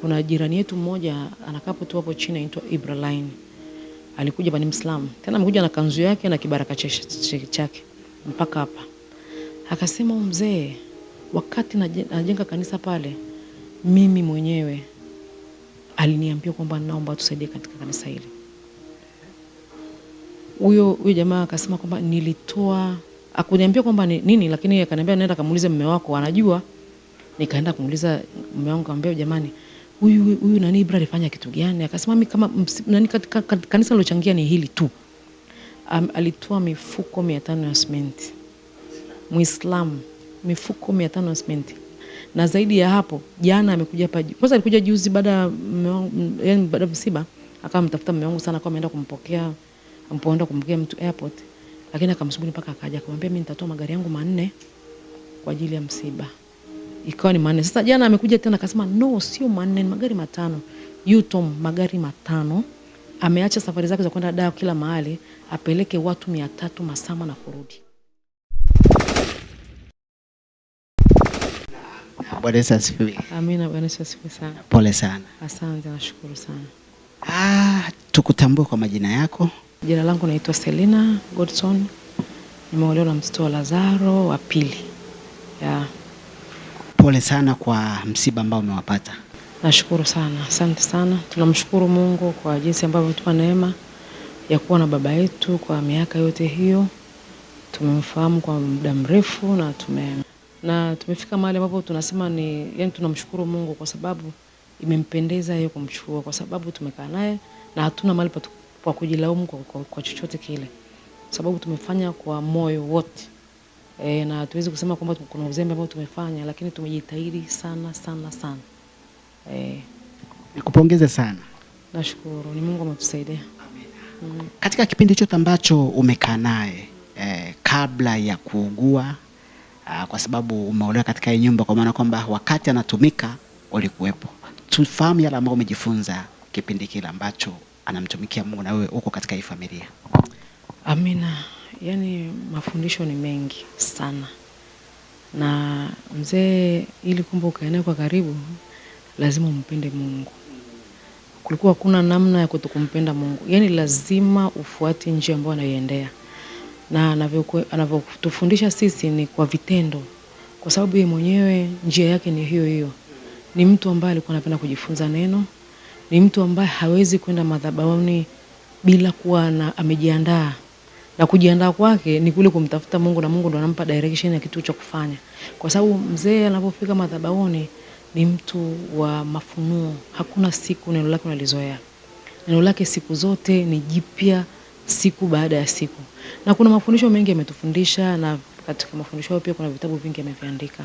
Kuna jirani yetu mmoja anakapo tu hapo chini anaitwa Ibraline. Alikuja bani Mslamu. Tena amekuja na kanzu yake na kibaraka chake mpaka hapa. Akasema mzee, wakati najenga kanisa pale, mimi mwenyewe aliniambia kwamba naomba tusaidie katika kanisa hili. Huyo huyo jamaa akasema kwamba nilitoa, akuniambia kwamba ni nini, lakini akaniambia nenda kamuulize mume wako, anajua Nikaenda kumuuliza mume wangu, akamwambia jamani, huyu huyu nani bro alifanya kitu gani? Akasema mimi kama nani katika kanisa lilochangia ni hili tu. Um, alitoa mifuko 500 ya simenti. Muislam, mifuko 500 ya simenti. Na zaidi ya hapo, jana amekuja hapa. Kwanza alikuja juzi baada ya yani baada ya msiba, akawa mtafuta mume wangu sana kwa ameenda kumpokea, ampoenda kumpokea mtu airport. Lakini akamsubiri mpaka akaja akamwambia, mimi nitatoa magari yangu manne kwa ajili ya msiba ikawa ni manne. Sasa jana amekuja tena akasema no, sio manne, ni magari matano. Utom magari matano ameacha safari zake za kwenda Dao kila mahali apeleke watu mia tatu Masama na kurudi. Bwana Yesu asifiwe. Amina. Bwana Yesu asifiwe sana. Pole sana. Asante, nashukuru sana. Ah, tukutambue kwa majina yako. Jina langu naitwa Selina Godson, nimeolewa na mtoto wa Lazaro wa pili. Yeah. Pole sana kwa msiba ambao umewapata. Nashukuru sana, asante sana. Tunamshukuru Mungu kwa jinsi ambavyo ametupa neema ya kuwa na baba yetu kwa miaka yote hiyo. Tumemfahamu kwa muda mrefu na tume na tumefika mahali ambapo tunasema ni yani, tunamshukuru Mungu kwa sababu imempendeza yeye kumchukua, kwa sababu tumekaa naye na hatuna mahali pa kujilaumu kwa, kwa, kwa chochote kile, sababu tumefanya kwa moyo wote e, na tuwezi kusema kwamba kuna uzembe ambao tumefanya, lakini tumejitahidi sana sana sana e. Nikupongeze sana. Nashukuru, ni Mungu ametusaidia. Amina. Mm. Katika kipindi chote ambacho umekaa naye eh, kabla ya kuugua ah, kwa sababu umeolewa katika hii nyumba, kwa maana kwamba wakati anatumika ulikuwepo, tufahamu yale ambayo umejifunza kipindi kile ambacho anamtumikia Mungu na wewe uko katika hii familia. Amina yani mafundisho ni mengi sana, na mzee, ili kumbe ukaenea kwa karibu, lazima umpende Mungu. Kulikuwa hakuna namna ya kutokumpenda Mungu, yani lazima ufuate njia ambayo anaiendea, na anavyotufundisha sisi ni kwa vitendo, kwa sababu yeye mwenyewe njia yake ni hiyo hiyo. Ni mtu ambaye alikuwa anapenda kujifunza neno, ni mtu ambaye hawezi kwenda madhabahuni bila kuwa na amejiandaa na kujiandaa kwake ni kule kumtafuta Mungu na Mungu ndo anampa direction ya kitu cha kufanya, kwa sababu mzee anapofika madhabahuni ni mtu wa mafunuo. Hakuna siku neno lake unalizoea, neno lake siku zote ni jipya, siku baada ya siku, na kuna mafundisho mengi ametufundisha, na katika mafundisho hayo pia kuna vitabu vingi ameviandika,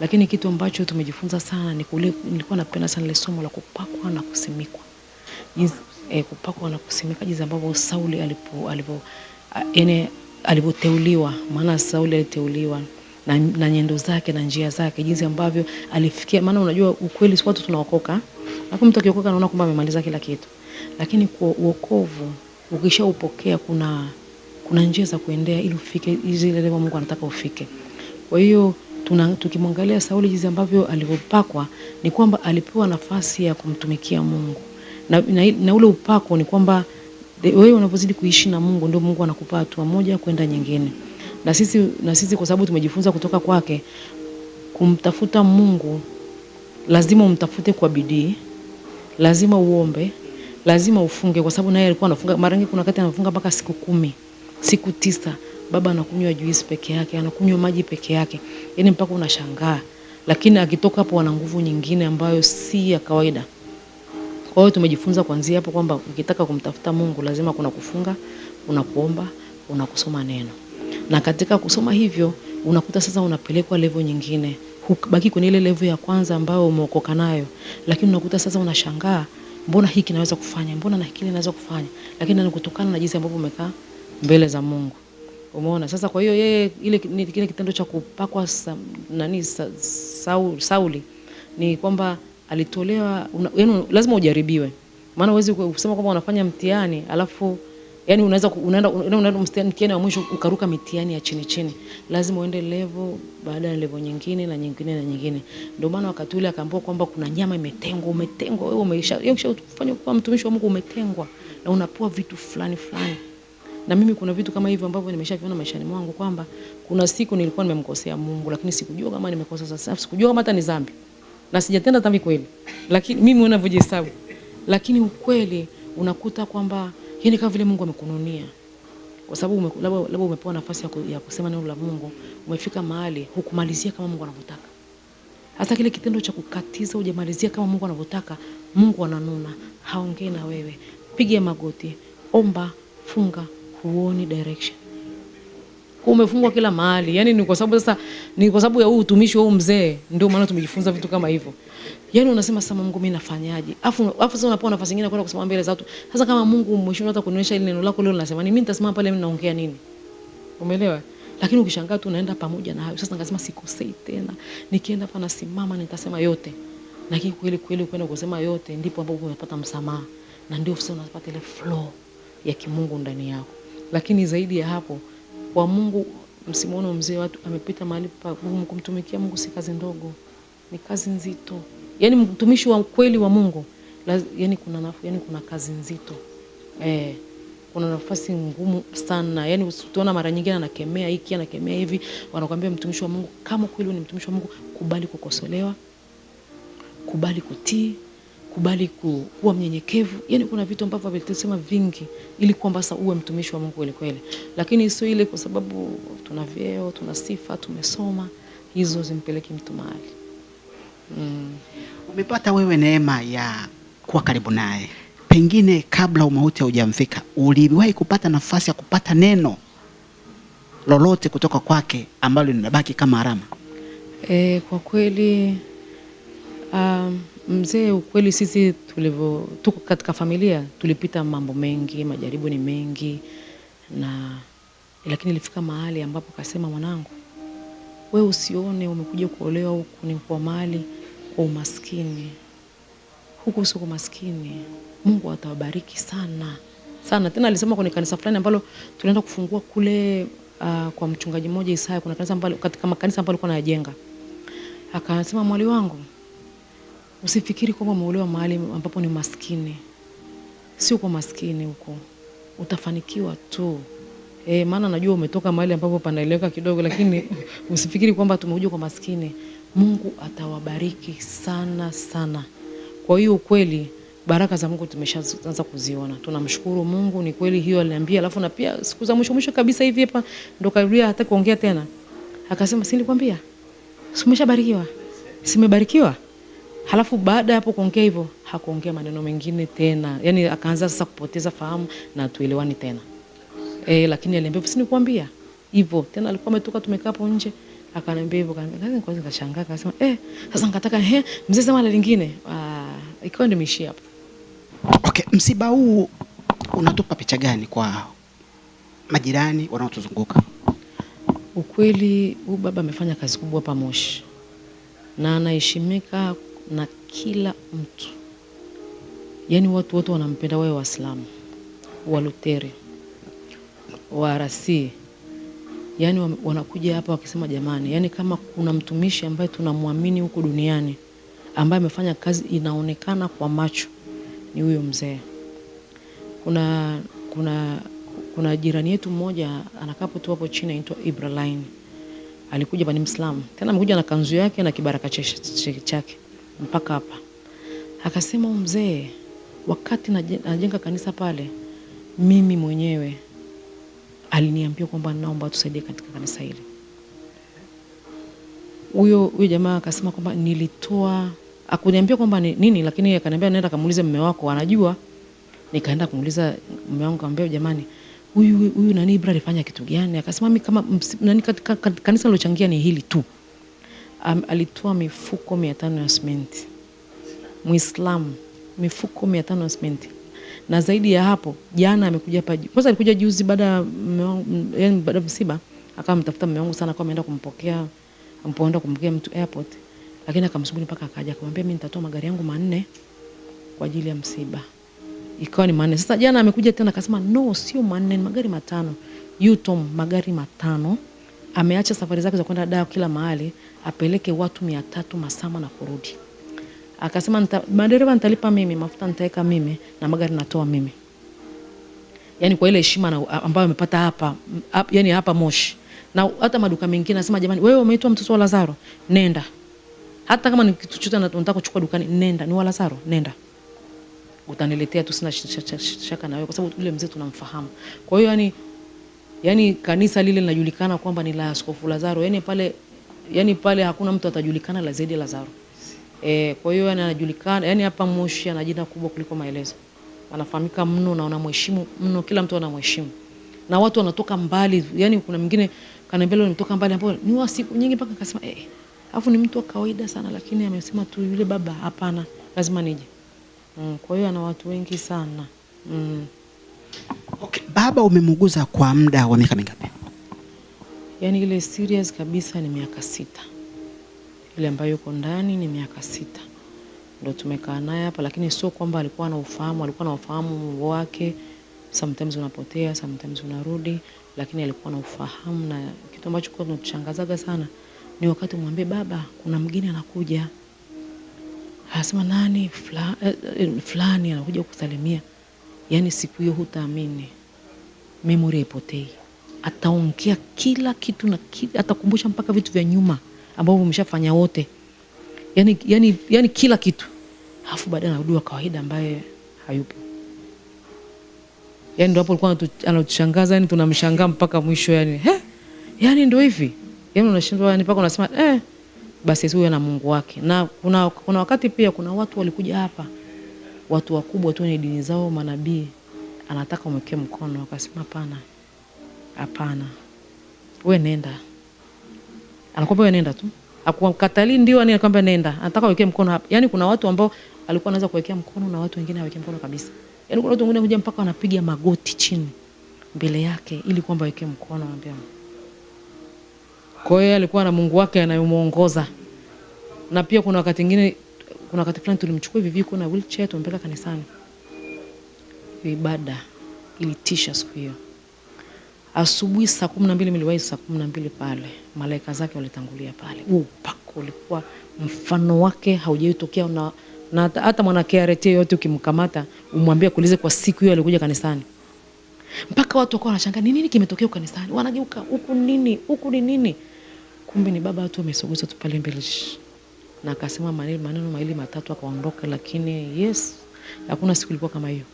lakini kitu ambacho tumejifunza sana ni kule, nilikuwa napenda sana ile somo la kupakwa na kusimikwa, jinsi eh, kupakwa na kusimika, jinsi ambavyo Sauli alipo, alipo Uh, yani alivyoteuliwa, maana Sauli aliteuliwa na, na nyendo zake na njia zake, jinsi ambavyo alifikia. Maana unajua ukweli, si watu tunaokoka, alafu mtu akiokoka anaona kwamba amemaliza kila kitu, lakini kwa uokovu ukishaupokea kuna kuna njia za kuendea ili ufike zile level Mungu anataka ufike. Kwa hiyo tukimwangalia Sauli jinsi ambavyo alivyopakwa ni kwamba alipewa nafasi ya kumtumikia Mungu na, na, na ule upako ni kwamba wewe unapozidi kuishi na Mungu ndio Mungu anakupa hatua moja kwenda nyingine. Na sisi, na sisi kwa sababu tumejifunza kutoka kwake kumtafuta Mungu, lazima umtafute kwa bidii, lazima uombe, lazima ufunge, kwa sababu naye alikuwa anafunga. Mara nyingi kuna wakati anafunga mpaka siku kumi, siku tisa, baba anakunywa juisi peke yake, anakunywa maji peke yake, yaani mpaka unashangaa, lakini akitoka hapo ana nguvu nyingine ambayo si ya kawaida. Kwa hiyo tumejifunza kuanzia hapo kwamba ukitaka kumtafuta Mungu lazima kuna kufunga, una kuomba, una kusoma neno. Na katika kusoma hivyo unakuta sasa unapelekwa level nyingine. Hubaki kwenye ile level ya kwanza ambayo umeokoka nayo, lakini unakuta sasa unashangaa mbona hiki naweza kufanya, mbona na hiki naweza kufanya, lakini ni kutokana na jinsi ambavyo umekaa mbele za Mungu. Umeona sasa. Kwa hiyo yeye ile kile kitendo cha kupakwa sa, nani sa, sa, Sauli ni kwamba alitolewa yaani lazima ujaribiwe. Maana uwezi kusema kwamba unafanya mtihani alafu yani unaweza unaenda unaenda mtihani wa mwisho ukaruka mitihani ya chini chini. Lazima uende levo baada ya levo nyingine na nyingine na nyingine. Ndio maana wakati ule akaambiwa kwamba kuna nyama imetengwa, umetengwa wewe umeisha. Yeye ukishafanya kuwa mtumishi wa Mungu umetengwa na unapoa vitu fulani fulani. Na mimi kuna vitu kama hivyo ambavyo nimeshaviona maishani mwangu kwamba kuna siku nilikuwa nimemkosea Mungu, lakini sikujua kama nimekosa sasa. Sikujua kama hata ni dhambi na sijatenda dhambi kweli, lakini mimi ninavyojihesabu, lakini ukweli unakuta kwamba yani kama vile Mungu amekununia kwa sababu labda umepewa nafasi ya kusema neno la Mungu, umefika mahali hukumalizia kama Mungu anavyotaka. Hasa kile kitendo cha kukatiza hujamalizia kama Mungu anavyotaka, Mungu ananuna, haongei na wewe. Piga magoti, omba, funga, huoni direction umefungwa kila mahali. Yani ni kwa sababu sasa, ni kwa sababu ya huu utumishi wa huu mzee, ndio maana tumejifunza vitu kama hivyo. Yani unasema sasa, Mungu mimi nafanyaje? Afu afu sasa unapewa nafasi nyingine kwenda kusimama mbele za watu. Sasa kama Mungu mheshimu hata kunionyesha ile neno lako leo, nasema ni mimi nitasimama pale, mimi naongea nini? Umeelewa? Lakini ukishangaa tu unaenda pamoja na hayo. Sasa nikasema sikosei tena, nikienda hapa nasimama nitasema yote, lakini kweli kweli ukwenda kusema yote, ndipo ambapo unapata msamaha na ndio sasa unapata ile flow ya kimungu ndani yako, lakini zaidi ya hapo wa Mungu. Msimuone mzee watu amepita mahali pagumu. Kumtumikia Mungu si kazi ndogo, ni kazi nzito. Yani mtumishi wa kweli wa Mungu yani kuna nafu, yani kuna kazi nzito eh, kuna nafasi ngumu sana. Yani usituona mara nyingine anakemea hiki anakemea hivi, wanakuambia mtumishi wa Mungu, kama kweli ni mtumishi wa Mungu, kubali kukosolewa, kubali kutii kubali kuwa mnyenyekevu. Yani kuna vitu ambavyo avilisema vingi, ili kwamba sasa uwe mtumishi wa Mungu kweli kweli, lakini sio ile kwa sababu tuna vyeo, tuna sifa, tumesoma, hizo zimpeleki mtu mahali mm. Umepata wewe neema ya kuwa karibu naye, pengine kabla umauti haujamfika, uliwahi kupata nafasi ya kupata neno lolote kutoka kwake ambalo linabaki kama alama? E, kwa kweli um, Mzee, ukweli sisi tulivyo, tuko katika familia tulipita mambo mengi, majaribu ni mengi na lakini ilifika mahali ambapo kasema, mwanangu, we usione umekuja kuolewa huku ni kwa mali, kwa umaskini. Huku sio kwa maskini, Mungu atawabariki sana sana. Tena alisema kwenye kanisa fulani ambalo tunaenda kufungua kule, uh, kwa mchungaji mmoja Isaya, kuna kanisa ambalo katika makanisa ambayo alikuwa anajenga, akasema, mwali wangu Usifikiri kwamba umeolewa mahali ambapo ni maskini. Si uko maskini huko, utafanikiwa tu. E, maana najua umetoka mahali ambapo panaeleweka kidogo, lakini usifikiri kwamba tumekuja kwa maskini. Mungu atawabariki sana sana. Kwa hiyo ukweli, baraka za Mungu tumeshaanza kuziona, tunamshukuru Mungu. Ni kweli hiyo aliniambia, alafu na pia siku za mwisho mwisho kabisa hivi hapa ndo karudia hata kuongea tena, akasema si nilikwambia, si umeshabarikiwa, simebarikiwa Halafu baada ya hapo kuongea hivyo, hakuongea maneno mengine tena, yaani akaanza sasa kupoteza fahamu na tuelewani tena e, lakini aliambia hivyo, sinikwambia hivyo tena. Alikuwa ametoka tumekaa hapo nje, akaniambia hivyo, kwanza nikashangaa, akasema eh, sasa nikataka he, eh, mzee sema lingine. Ah, ikiwa nimeishia hapo. Okay, msiba huu unatupa picha gani kwa majirani wanaotuzunguka? Ukweli huyu baba amefanya kazi kubwa hapa Moshi na anaheshimika na kila mtu, yaani watu wote wanampenda, wawe Waislamu, wa rasi yaani wanakuja hapa wakisema jamani, yaani kama kuna mtumishi ambaye tunamwamini huku duniani ambaye amefanya kazi inaonekana kwa macho ni huyo mzee. Kuna kuna kuna jirani yetu mmoja anakapo tu hapo chini anaitwa ibrahim alikuja bani mslam tena amekuja na kanzu yake na kibaraka chake mpaka hapa. Akasema mzee, wakati najenga kanisa pale, mimi mwenyewe aliniambia kwamba naomba tusaidie katika kanisa hili. Huyo huyo jamaa akasema kwamba nilitoa, akuniambia kwamba ni nini, lakini akaniambia nenda kamuulize mume wako anajua. Nikaenda kumuuliza mume wangu, akamwambia jamani, huyu huyu nani Ibra alifanya kitu gani? Akasema mimi kama nani katika kanisa nilochangia ni hili tu alitoa mifuko mia tano ya simenti, Mwislamu, mifuko mia tano ya simenti na zaidi ya hapo, jana amekuja hapa. Kwanza alikuja juzi baada ya baada ya msiba, akawa mtafuta mume wangu sana, kwa ameenda kumpokea ampoenda kumpokea mtu airport, lakini akamsubiri mpaka akaja, akamwambia mimi nitatoa magari yangu manne kwa ajili ya msiba, ikawa ni manne. Sasa jana amekuja tena akasema no, sio manne, magari matano. Yutom magari matano ameacha safari zake za kwenda dawa kila mahali, apeleke watu mia tatu Masama na kurudi. Akasema nita, madereva nitalipa mimi, mafuta nitaweka mimi na magari natoa mimi. Yani kwa ile heshima ambayo amepata hapa, yani hapa Moshi na hata maduka mengine nasema jamani, wewe umeitwa mtoto wa Lazaro, nenda. Hata kama ni kitu chochote unataka kuchukua dukani, nenda. Ni wa Lazaro, nenda, utaniletea tu, sina shaka na wewe, kwa sababu yule mzee tunamfahamu. Kwa hiyo yani yani kanisa lile linajulikana kwamba ni la Askofu Lazaro, yani pale, yani pale hakuna mtu atajulikana la zaidi Lazaro. E, kwa hiyo yani anajulikana yani hapa Moshi ana jina kubwa kuliko maelezo, anafahamika mno na anamheshimu mno, kila mtu anamheshimu na watu wanatoka mbali. Yani kuna mwingine kaniambia leo nitoka mbali, ambapo ni wa siku nyingi, mpaka akasema eh, alafu ni mtu wa kawaida sana, lakini amesema tu yule baba, hapana, lazima nije. Mm, kwa hiyo ana watu wengi sana mm. Okay, baba umemuguza kwa muda wa miaka mingapi? Yaani ile serious kabisa ni miaka sita, ile ambayo yuko ndani ni miaka sita ndo tumekaa naye hapa, lakini sio kwamba alikuwa na ufahamu. Alikuwa na ufahamu wake, sometimes unapotea, sometimes unarudi, lakini alikuwa na ufahamu. Na kitu ambacho kwa tunatushangazaga sana ni wakati umwambie baba, kuna mgeni anakuja, anasema nani fulani, eh, eh, anakuja kukusalimia Yaani siku hiyo hutaamini, memory haipotei. Ataongea kila kitu na kila, atakumbusha mpaka vitu vya nyuma ambavyo umeshafanya wote, yani yani, yani kila kitu, alafu baadaye anarudi wa kawaida ambaye hayupo. yani ndio hapo alikuwa anatushangaza, yani tunamshangaa mpaka mwisho, yani he, eh, yani ndio hivi, yani unashindwa, yani mpaka unasema eh, basi huyo na Mungu wake. Na kuna, kuna wakati pia kuna watu walikuja hapa watu wakubwa tu wenye dini zao manabii, anataka umwekee mkono. Akasema hapana, hapana, we nenda. anakwamba we nenda tu, akukatalii ndio, ani kwamba nenda, anataka uwekee mkono hapa. Yani kuna watu ambao alikuwa anaweza kuwekea mkono na watu wengine hawekee mkono kabisa. Yani kuna watu wengine kuja mpaka wanapiga magoti chini mbele yake ili kwamba awekee mkono, ambia kwa hiyo alikuwa na Mungu wake anayemwongoza Na pia kuna wakati ingine kuna wakati fulani tulimchukua hivi viko na wheelchair tumpeleka kanisani. Ibada ilitisha siku hiyo. Asubuhi saa kumi na mbili niliwahi saa kumi na mbili pale, malaika zake walitangulia pale. Huo upako ulikuwa mfano wake haujawahi tokea, na, na hata mwana KRT yote ukimkamata umwambie kuulize kwa siku hiyo alikuja kanisani, mpaka watu wakawa wanashangaa ni nini kimetokea kanisani, wanageuka huku nini huku ni nini, kumbe ni baba watu wamesogezwa tu pale mbele na akasema maneno maneno mawili matatu akaondoka, lakini yes, hakuna siku ilikuwa kama hiyo.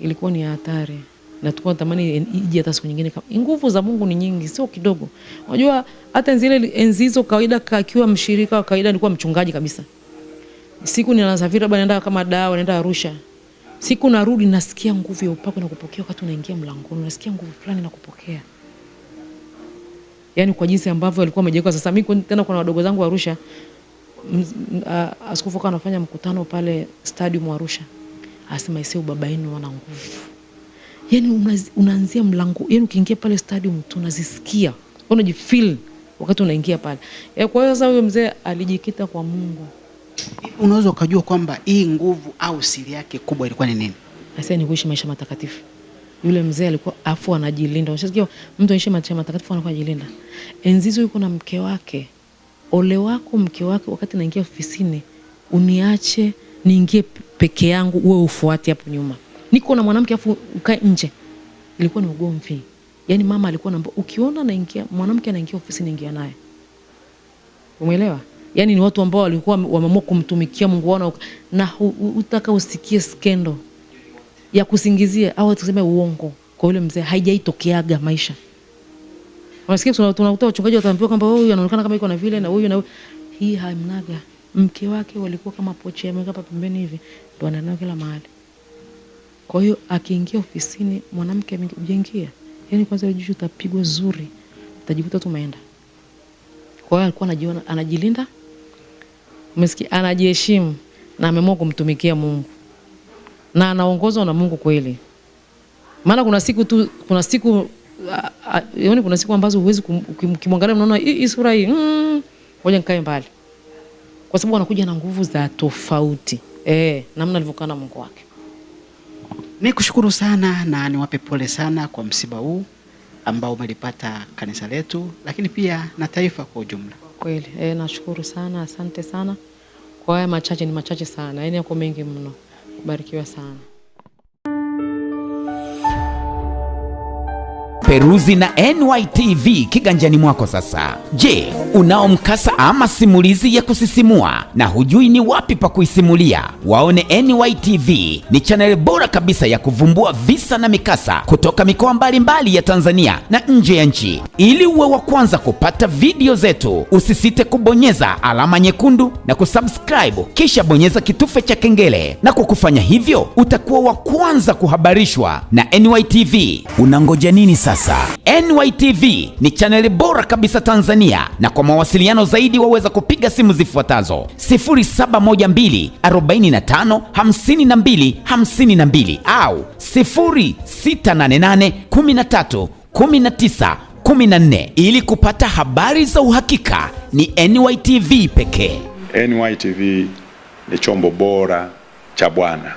Ilikuwa ni hatari na tulikuwa natamani ije hata siku nyingine. Kama Nguvu za Mungu ni nyingi, sio kidogo. Unajua hata zile enzi hizo kawaida, akiwa mshirika wa kawaida, nilikuwa mchungaji kabisa. Siku ninasafiri labda naenda kama dawa, naenda Arusha, siku narudi nasikia nguvu ya upako na kupokea. Wakati unaingia mlangoni, nasikia nguvu fulani na kupokea yani kwa jinsi ambavyo alikuwa amejiweka. Sasa mimi tena kuna wadogo zangu Arusha, askofu kwa anafanya mkutano pale stadium Arusha, asema isiyo baba yenu wana nguvu, yani unaanzia mlango, yani ukiingia pale stadium tunazisikia, unajifeel wakati unaingia pale. Eh, kwa hiyo sasa huyo mzee alijikita kwa Mungu. Unaweza ukajua kwamba hii nguvu au siri yake kubwa ilikuwa ni nini? Asa ni kuishi maisha matakatifu. Yule mzee alikuwa afu anajilinda. Unashasikia mtu anishi maisha matakatifu anakuwa anajilinda. Enzi hizo yuko na mke wake. Ole wako mke wake, wakati naingia ofisini uniache niingie peke yangu, uwe ufuati hapo nyuma. Niko na mwanamke afu ukae nje. Ilikuwa ni ugomvi. Yaani mama alikuwa anaambia ukiona naingia mwanamke anaingia ofisini ingia naye. Umeelewa? Yaani ni watu ambao walikuwa wameamua kumtumikia Mungu wao na utaka usikie skendo ya kusingizia au tuseme uongo kwa yule mzee haijaitokeaga maisha. Unasikia tunakuta wachungaji wataambiwa kwamba oh, huyu anaonekana kama iko na vile na huyu na hii hamnaga. Mke wake walikuwa kama pochi ameweka hapa pembeni hivi ndo ananao kila mahali. Kwa hiyo akiingia ofisini mwanamke ameingia, yani kwanza jicho utapigwa zuri, utajikuta tu umeenda. Kwa hiyo alikuwa anajiona anajilinda, umesikia, anajiheshimu na ameamua kumtumikia Mungu na anaongozwa na Mungu kweli. Maana kuna siku tu, kuna siku yaani, kuna siku ambazo huwezi ukimwangalia, unaona hii sura hii, mm, ngoja nikae mbali, kwa sababu anakuja na nguvu za tofauti eh, namna alivyokaa na Mungu wake. Ni kushukuru sana na niwape pole sana kwa msiba huu ambao umelipata kanisa letu, lakini pia na taifa kwa ujumla. Kweli eh, nashukuru sana, asante sana kwa haya machache. Ni machache sana, yaani yako mengi mno. Ubarikiwa sana. Peruzi na NYTV kiganjani mwako sasa. Je, unao mkasa ama simulizi ya kusisimua na hujui ni wapi pa kuisimulia? Waone NYTV ni chaneli bora kabisa ya kuvumbua visa na mikasa kutoka mikoa mbalimbali ya Tanzania na nje ya nchi. Ili uwe wa kwanza kupata video zetu, usisite kubonyeza alama nyekundu na kusubscribe, kisha bonyeza kitufe cha kengele, na kwa kufanya hivyo utakuwa wa kwanza kuhabarishwa na NYTV. Unangoja nini sasa? sasa. NYTV ni chaneli bora kabisa Tanzania, na kwa mawasiliano zaidi waweza kupiga simu zifuatazo 0712 au 0688 14. Ili kupata habari za uhakika ni NYTV pekee. NYTV ni chombo bora cha Bwana.